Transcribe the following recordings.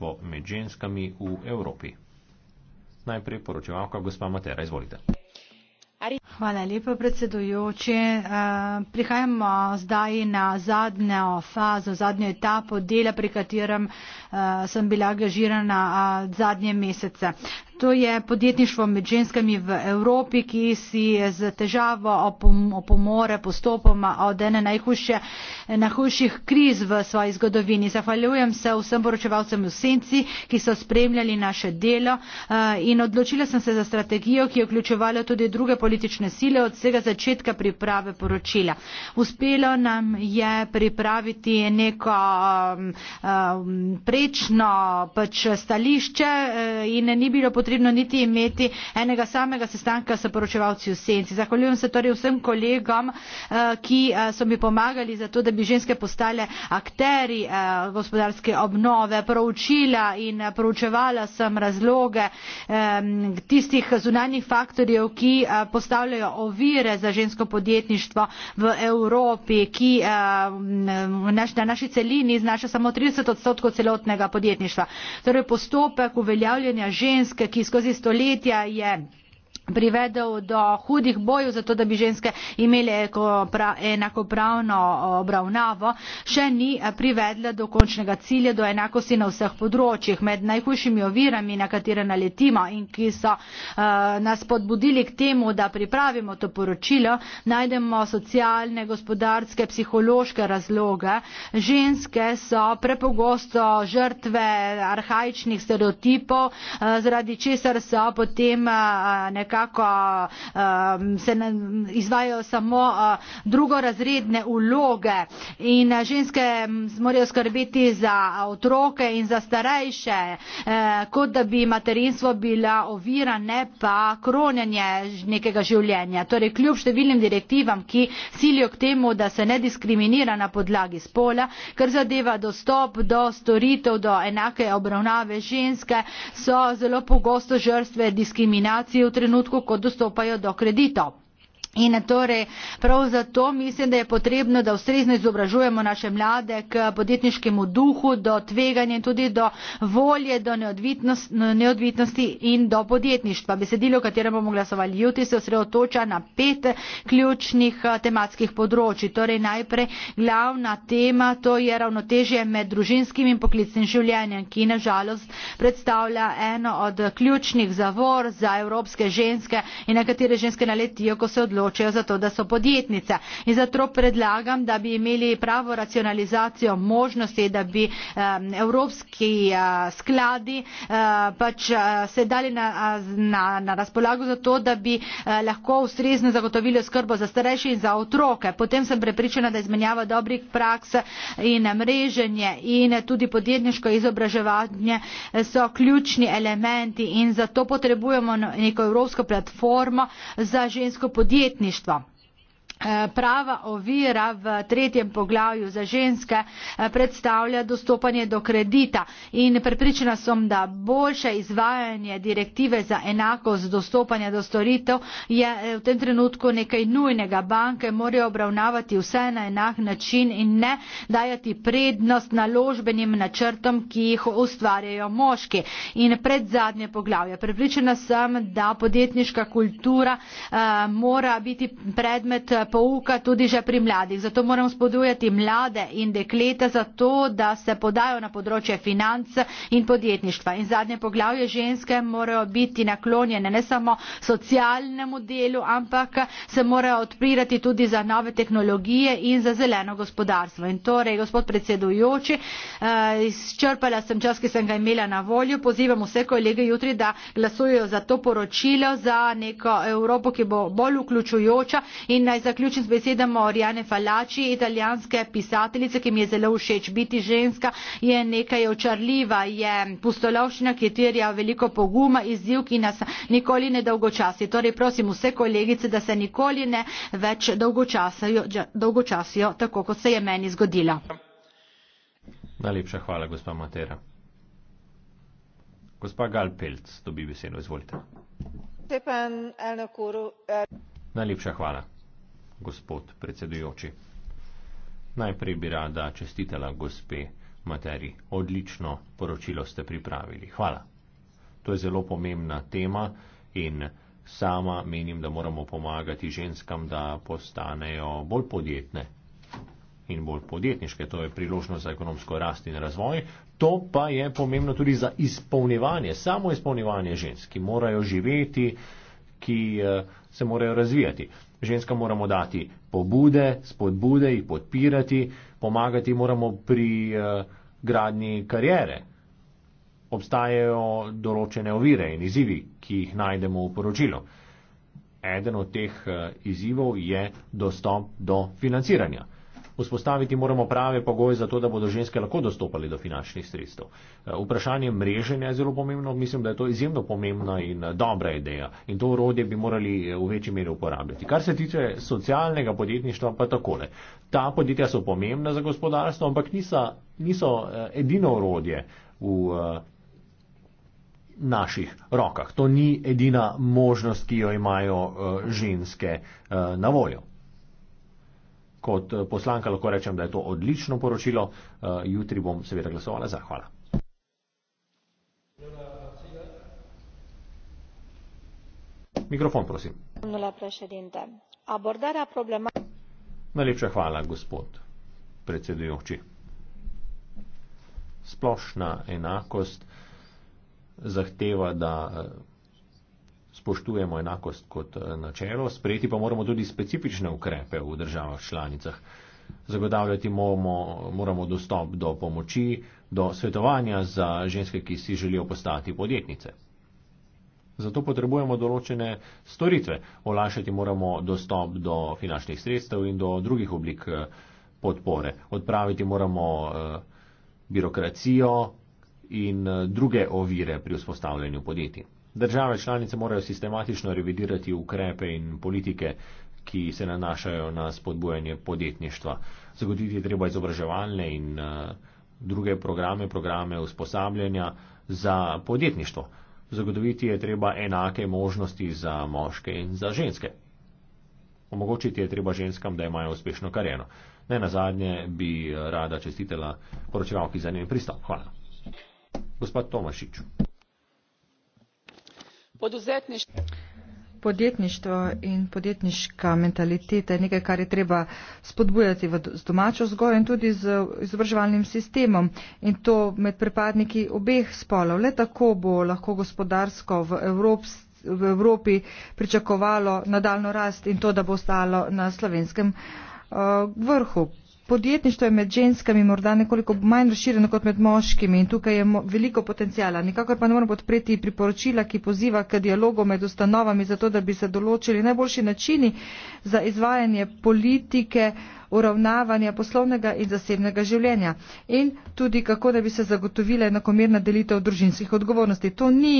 bo med ženskami v Evropi. Najprej poročevalka, gospa Matera, izvolite. Hvala lepa, predsedujoči. Eh, prihajamo zdaj na zadnjo fazo, zadnjo etapo dela, pri katerem eh, sem bila angažirana eh, zadnje mesece to je podjetništvo med ženskami v Evropi, ki si z težavo opomore postopoma od ene najhujše, najhujših kriz v svoji zgodovini. Zahvaljujem se vsem poročevalcem v senci, ki so spremljali naše delo eh, in odločila sem se za strategijo, ki je vključevala tudi druge politične sile od vsega začetka priprave poročila. Uspelo nam je pripraviti neko um, um, prečno pač stališče in ni bilo potrebno potrebno niti imeti enega samega sestanka s poročevalci v senci. zahvaljujem se torej vsem kolegom eh, ki eh, so mi pomagali zato da bi ženske postale akteri eh, gospodarske obnove proučila in proučevala sem razloge tistih zunanjih faktorjev ki postavljajo ovire za žensko podjetništvo v Evropi ki na naši celini znaša samo trideset odstotkov celotnega podjetništva torej postopek uveljavljanja ženske ki skozi stoletja je privedel do hudih bojev, zato da bi ženske imele enakopravno obravnavo, še ni eh, privedla do končnega cilja, do enakosti na vseh področjih. Med najhujšimi ovirami, na katere naletimo in ki so eh, nas podbudili k temu, da pripravimo to poročilo, najdemo socialne, gospodarske, psihološke razloge. Ženske so prepogosto žrtve arhajičnih stereotipov, eh, zaradi česar so potem nekako nekako um, se izvajajo samo uh, drugorazredne uloge in uh, ženske morajo skrbeti za otroke in za starejše, uh, kot da bi materinstvo bila ovira, ne pa kronjanje nekega življenja. Torej, kljub številnim direktivam, ki silijo k temu, da se ne diskriminira na podlagi spola, kar zadeva dostop do storitev, do enake obravnave ženske, so zelo pogosto žrstve diskriminacije v trenutku, trenutku ko dostopajo do kreditov in torej prav zato mislim da je potrebno da ustrezno izobražujemo naše mlade k podjetniškemu duhu do tveganja in tudi do volje do neodvitnosti in do podjetništva besedilo o katerem bomo glasovali jutri se osredotoča na pet ključnih eh, tematskih področij torej najprej glavna tema to je ravnotežje med družinskim in poklicnim življenjem ki na žalost predstavlja eno od ključnih zavor za evropske ženske in nekatere ženske naletijo ko se odločijo odločajo za to, da so podjetnice. In zato predlagam, da bi imeli pravo racionalizacijo možnosti, da bi evropski eh, skladi eh, pač eh, se dali na, na, na razpolago za to, da bi lahko ustrezno zagotovili oskrbo za starejše in za otroke. Potem sem prepričana, da izmenjava dobrih praks in mreženje in tudi podjetniško izobraževanje so ključni elementi in zato potrebujemo neko evropsko platformo za žensko podjetje podjetništva. Eh, prava ovira v tretjem poglavju za ženske eh, predstavlja dostopanje do kredita in prepričana sem, da boljše izvajanje direktive za enakost dostopanja do storitev je eh, v tem trenutku nekaj nujnega. Banke morajo obravnavati vse na enak način in ne dajati prednost naložbenim načrtom, ki jih ustvarjajo moški. In pred zadnje poglavje. Prepričana sem, da podjetniška kultura uh, mora biti predmet pouka tudi že pri mladih. Zato moramo spodbujati mlade in dekleta za to, da se podajo na področje financ in podjetništva. In zadnje poglavje ženske morajo biti naklonjene ne samo socialnemu delu, ampak se morajo odpirati tudi za nove tehnologije in za zeleno gospodarstvo. In torej, gospod predsedujoči, eh, izčrpala sem čas, ki sem ga imela na volju. Pozivam vse kolege jutri, da glasujejo za to poročilo, za neko Evropo, ki bo bolj vključujoča in naj zaključujo zaključim z besedami Oriane Falači, italijanske pisateljice, ki mi je zelo všeč. Biti ženska je nekaj očarljiva, je pustolovščina, ki terja veliko poguma, izziv, ki nas nikoli ne dolgočasi. Torej, prosim vse kolegice, da se nikoli ne več dolgočasijo, dolgočasijo tako, kot se je meni zgodilo. Najlepša hvala, gospa Matera. Gospa Galpelc, dobi besedo, izvolite. Eh. Najlepša hvala gospod predsedujoči. Najprej bi rada čestitela gospe Materi. Odlično poročilo ste pripravili. Hvala. To je zelo pomembna tema in sama menim, da moramo pomagati ženskam, da postanejo bolj podjetne in bolj podjetniške. To je priložnost za ekonomsko rast in razvoj. To pa je pomembno tudi za izpolnjevanje, samo izpolnjevanje žensk, ki morajo živeti ki eh, se morajo razvijati. Ženska moramo dati pobude, spodbude, jih podpirati, pomagati moramo pri eh, gradni karijere. Obstajajo določene ovire in izzivi, ki jih najdemo v poročilu. Eden od teh eh, izzivov je dostop do financiranja. Vzpostaviti moramo prave pogoje za to, da bodo ženske lahko dostopali do finančnih sredstev. Eh, vprašanje mreženja je zelo pomembno. Mislim, da je to izjemno pomembna in eh, dobra ideja. In to urodje bi morali eh, v večji meri uporabljati. Kar se tiče socialnega podjetništva, pa takole. Ta podjetja so pomembna za gospodarstvo, ampak niso, niso edino urodje v naših rokah. To ni edina možnost, ki jo imajo ženske na voljo kot eh, poslanka lahko rečem, da je to odlično poročilo. Eh, jutri bom seveda glasovala za. Hvala. Mikrofon, prosim. Najlepša hvala, gospod predsedujoči. Splošna enakost zahteva, da eh, spoštujemo enakost kot eh, načelo, sprejeti pa moramo tudi specifične ukrepe v državah članicah. Zagodavljati moramo, moramo dostop do pomoči, do svetovanja za ženske, ki si želijo postati podjetnice. Zato potrebujemo določene storitve. Olašati moramo dostop do finančnih sredstev in do drugih oblik eh, podpore. Odpraviti moramo eh, birokracijo in druge ovire pri vzpostavljanju podjetij. Države članice morajo sistematično revidirati ukrepe in politike, ki se nanašajo na spodbujanje podjetništva. Zagotiti je treba izobraževalne in eh, druge programe, programe usposabljanja za podjetništvo. Zagotoviti je treba enake možnosti za moške in za ženske. Omogočiti je treba ženskam, da imajo uspešno kareno. Ne na zadnje bi eh, rada čestitela poročevalki za njen pristop. Hvala. Gospod Tomašiču. Podjetništvo in podjetniška mentaliteta je nekaj, kar je treba spodbujati z domačo vzgojo in tudi z izobraževalnim sistemom in to med pripadniki obeh spolov. Le tako bo lahko gospodarsko v, Evrops, v Evropi pričakovalo nadaljno rast in to, da bo ostalo na slovenskem uh, vrhu podjetništvo je med ženskami morda nekoliko manj razširjeno kot med moškimi in tukaj je veliko potencijala. Nikakor pa ne moramo podpreti priporočila, ki poziva k dialogu med ustanovami, zato da bi se določili najboljši načini za izvajanje politike uravnavanja poslovnega in zasebnega življenja in tudi kako da bi se zagotovila enakomerna delitev družinskih odgovornosti. To ni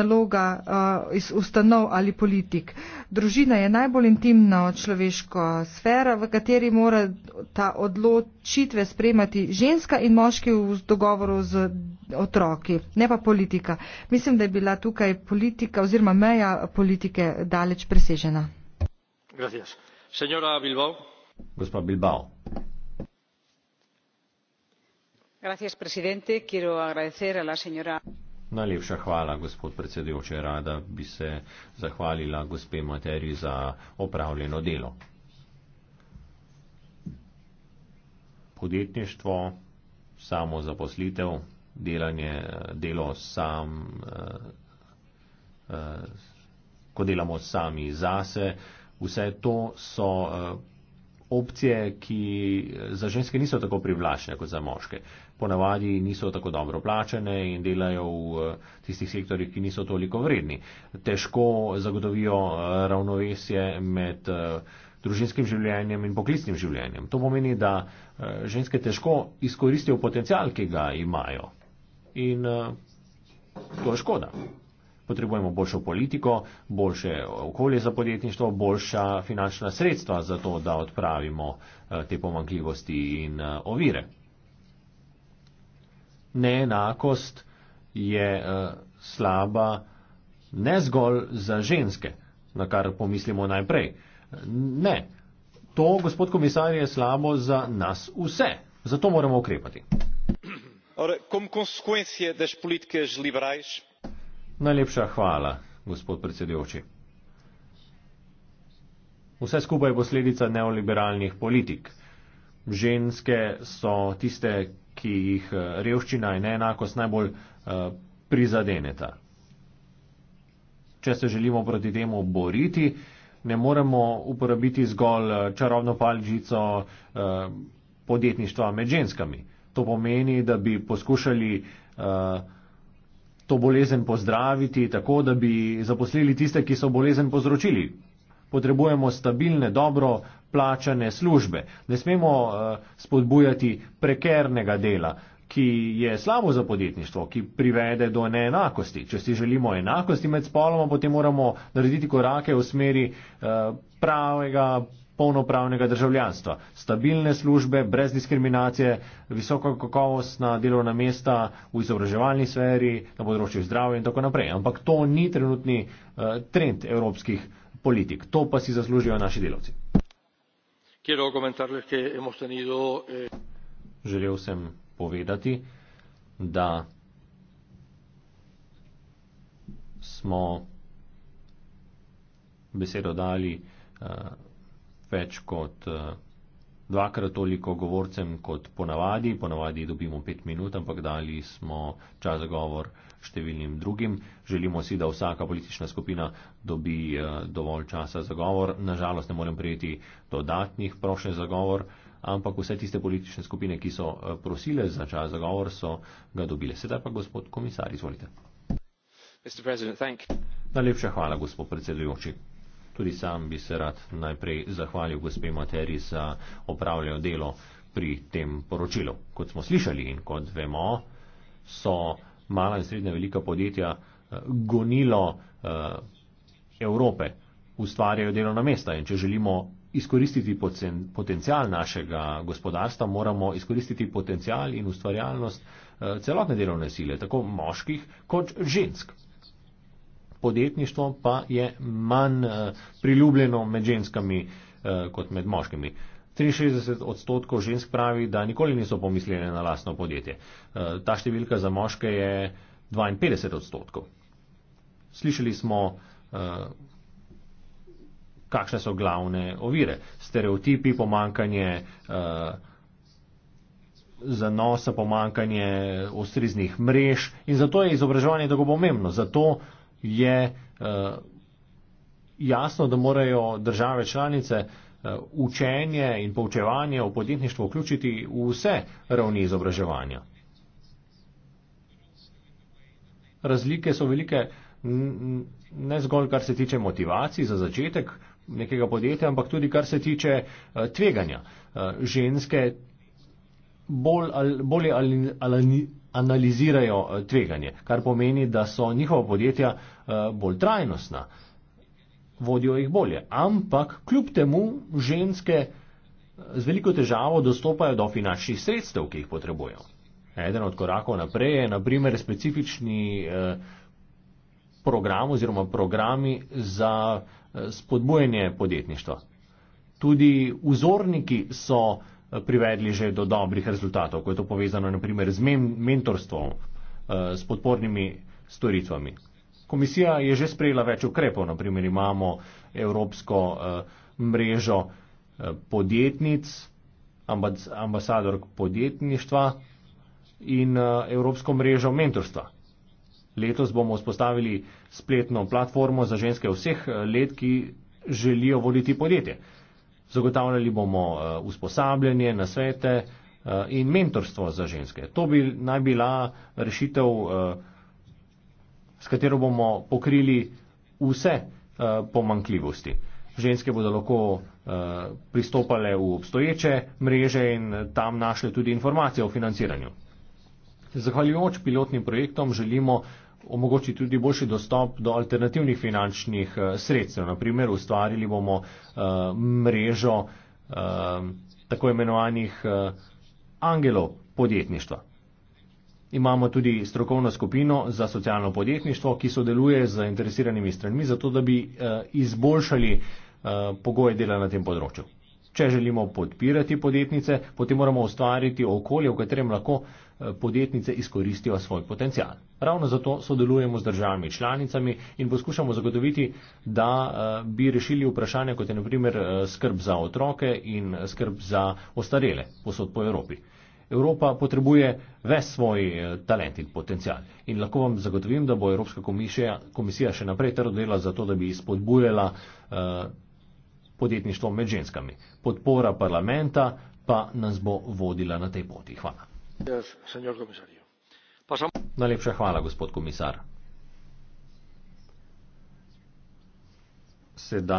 naloga uh, iz ustanov ali politik. Družina je najbolj intimna človeška sfera, v kateri mora ta odločitve spremati ženska in moški v dogovoru z otroki, ne pa politika. Mislim, da je bila tukaj politika oziroma meja politike daleč presežena. Gracias. Señora Bilbao. Gospa Bilbao. Gracias, presidente. Quiero agradecer a la señora. Najlepša hvala, gospod predsedujoči. Rada bi se zahvalila gospe Materi za opravljeno delo. Podjetništvo, samo zaposlitev, delanje, delo sam, eh, eh, ko delamo sami zase, vse to so. Eh, opcije, ki eh, za ženske niso tako privlačne kot za moške. Ponavadi niso tako dobro plačene in delajo v eh, tistih sektorjih, ki niso toliko vredni. Težko zagotovijo eh, ravnovesje med družinskim življenjem in poklicnim življenjem. To pomeni, da ženske težko izkoristijo potencial, ki ga imajo. In to je škoda potrebujemo boljšo politiko, boljše okolje za podjetništvo, boljša finančna sredstva za to, da odpravimo eh, te pomankljivosti in eh, ovire. Neenakost je eh, slaba ne zgolj za ženske, na kar pomislimo najprej. Ne, to, gospod komisar, je slabo za nas vse. Zato moramo ukrepati. Ora, como consequência das políticas liberais, Najlepša hvala, gospod predsedujoči. Vse skupaj je posledica neoliberalnih politik. Ženske so tiste, ki jih eh, revščina in neenakost najbolj eh, prizadeneta. Če se želimo proti temu boriti, ne moremo uporabiti zgolj eh, čarobno palčico podjetništva med ženskami. To pomeni, da bi poskušali uh, to bolezen pozdraviti tako, da bi zaposlili tiste, ki so bolezen povzročili. Potrebujemo stabilne, dobro plačane službe. Ne smemo eh, spodbujati prekernega dela, ki je slabo za podjetništvo, ki privede do neenakosti. Če si želimo enakosti med spoloma, potem moramo narediti korake v smeri eh, pravega polnopravnega državljanstva. Stabilne službe, brez diskriminacije, visoko kakovostna delovna mesta v izobraževalni sferi, na področju zdravja in tako naprej. Ampak to ni trenutni uh, trend evropskih politik. To pa si zaslužijo naši delavci. Eh, Želel sem povedati, da smo besedo dali uh, več kot eh, dvakrat toliko govorcem kot ponavadi. Ponavadi dobimo pet minut, ampak dali smo čas za govor številnim drugim. Želimo si, da vsaka politična skupina dobi eh, dovolj časa za govor. Nažalost ne morem prijeti dodatnih prošen za govor. Ampak vse tiste politične skupine, ki so eh, prosile za čas za govor, so ga dobile. Sedaj pa gospod komisar, izvolite. Najlepša hvala, gospod predsedujoči. Tudi sam bi se rad najprej zahvalil gospe Materi za opravljeno delo pri tem poročilu. Kot smo slišali in kot vemo, so mala in srednja velika podjetja eh, gonilo eh, Evrope, ustvarjajo delovna mesta in če želimo izkoristiti potencial našega gospodarstva, moramo izkoristiti potencial in ustvarjalnost eh, celotne delovne sile, tako moških kot žensk podjetništvo pa je manj eh, priljubljeno med ženskami eh, kot med moškimi. 63 odstotkov žensk pravi, da nikoli niso pomislili na lastno podjetje. Eh, ta številka za moške je 52 odstotkov. Slišali smo, kakšne so glavne ovire. Stereotipi, pomankanje zanosa, pomankanje ustriznih mrež in zato je izobraževanje tako pomembno. Zato je eh, jasno, da morajo države članice eh, učenje in poučevanje v podjetništvu vključiti v vse ravni izobraževanja. Razlike so velike ne zgolj kar se tiče motivacij za začetek nekega podjetja, ampak tudi kar se tiče eh, tveganja. Ženske bolj ali, bolj ali, ali analizirajo eh, tveganje, kar pomeni, da so njihova podjetja eh, bolj trajnostna, vodijo jih bolje. Ampak kljub temu ženske eh, z veliko težavo dostopajo do finančnih sredstev, ki jih potrebujejo. Eden od korakov naprej je naprimer specifični program oziroma programi za spodbujanje podjetništva. Tudi vzorniki so privedli že do dobrih rezultatov, ko je to povezano naprimer z men mentorstvom, eh, s podpornimi storitvami. Komisija je že sprejela več ukrepov, naprimer imamo evropsko eh, mrežo eh, podjetnic, ambasador podjetništva in evropsko mrežo mentorstva. Letos bomo vzpostavili spletno platformo za ženske vseh let, ki želijo voditi podjetje zagotavljali bomo eh, usposabljanje, nasvete eh, in mentorstvo za ženske. To bi naj bila rešitev, eh, s katero bomo pokrili vse pomankljivosti. Ženske bodo lahko pristopale v obstoječe mreže in tam našle tudi informacije o financiranju. Zahvaljujoč pilotnim projektom želimo omogoči tudi boljši dostop do alternativnih finančnih eh, sredstev. Naprimer, ustvarili bomo eh, mrežo eh, tako imenovanih angelov podjetništva. Imamo tudi strokovno skupino za socialno podjetništvo, ki sodeluje z zainteresiranimi stranmi, zato da bi izboljšali pogoje dela na tem področju. Če želimo podpirati podjetnice, potem moramo ustvariti okolje, v katerem lahko eh, podjetnice izkoristijo svoj potencial. Ravno zato sodelujemo z državami članicami in poskušamo zagotoviti, da eh, bi rešili vprašanje, kot je naprimer eh, skrb za otroke in skrb za ostarele posod po Evropi. Evropa potrebuje ves svoj talent in potencial in lahko vam zagotovim, da bo Evropska komisija, komisija še naprej trdo delala za to, da bi spodbujala uh, podjetništvo med ženskami. Podpora parlamenta pa nas bo vodila na tej poti. Hvala. Najlepša hvala, gospod komisar. Sedaj.